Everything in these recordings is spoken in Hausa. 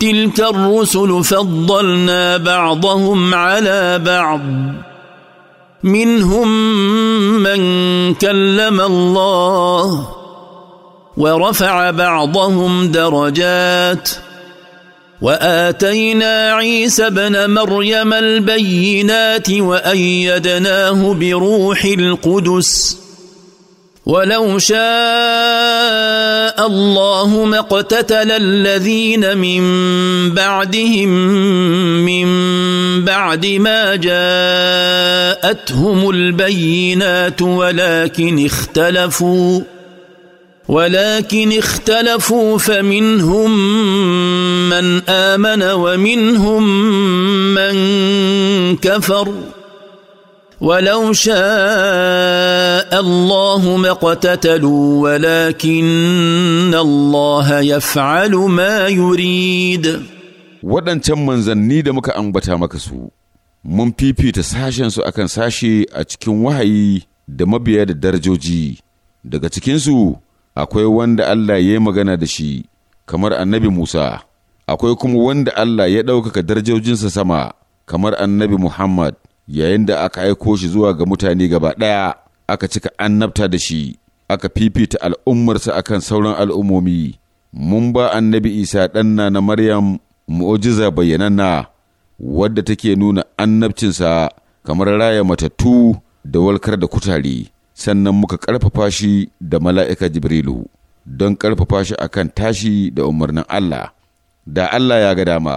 تلك الرسل فضلنا بعضهم على بعض منهم من كلم الله ورفع بعضهم درجات واتينا عيسى ابن مريم البينات وايدناه بروح القدس ولو شاء الله ما اقتتل الذين من بعدهم من بعد ما جاءتهم البينات ولكن اختلفوا ولكن اختلفوا فمنهم من امن ومنهم من كفر ولو شاء الله ما اقتتلوا ولكن الله يفعل ما يريد waɗancan manzanni da muka ambata maka su mun fifita sashensu akan sashe a cikin wahayi da mabiya da darajoji daga cikinsu akwai wanda Allah ya yi magana da shi kamar annabi Musa akwai kuma wanda Allah ya ɗaukaka darajojinsa sama kamar annabi Muhammad yayin da aka aiko shi zuwa ga mutane gaba ɗaya. aka cika annabta da shi aka fifita al'ummarsa akan sauran al'ummomi mun ba annabi isa ɗanna na maryam mu'ujiza bayyananna wadda take nuna annabcinsa kamar raya matattu da walkar da kutare sannan muka ƙarfafa shi da mala'ika jibrilu don ƙarfafa shi a kan tashi da umarnin allah da allah ya ga dama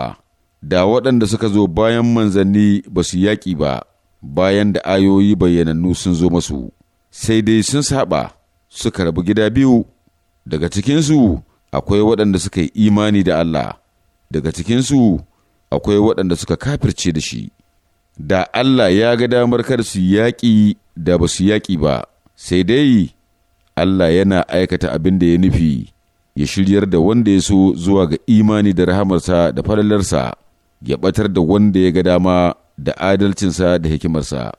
da waɗanda suka zo bayan manzanni ba su yaƙi ba bayan da ayoyi bayyanannu sun zo masu sai dai sun saba suka rabu gida biyu daga cikinsu akwai waɗanda suka yi imani da Allah daga cikinsu akwai waɗanda suka kafirce da shi da Allah ya ga damar kar su yaƙi da ba su yaƙi ba sai dai Allah yana aikata abin da ya nufi ya shiryar da wanda ya so zuwa ga imani da rahamarsa da falalarsa ya ɓatar da wanda ya ga dama da adalcinsa da hikimarsa.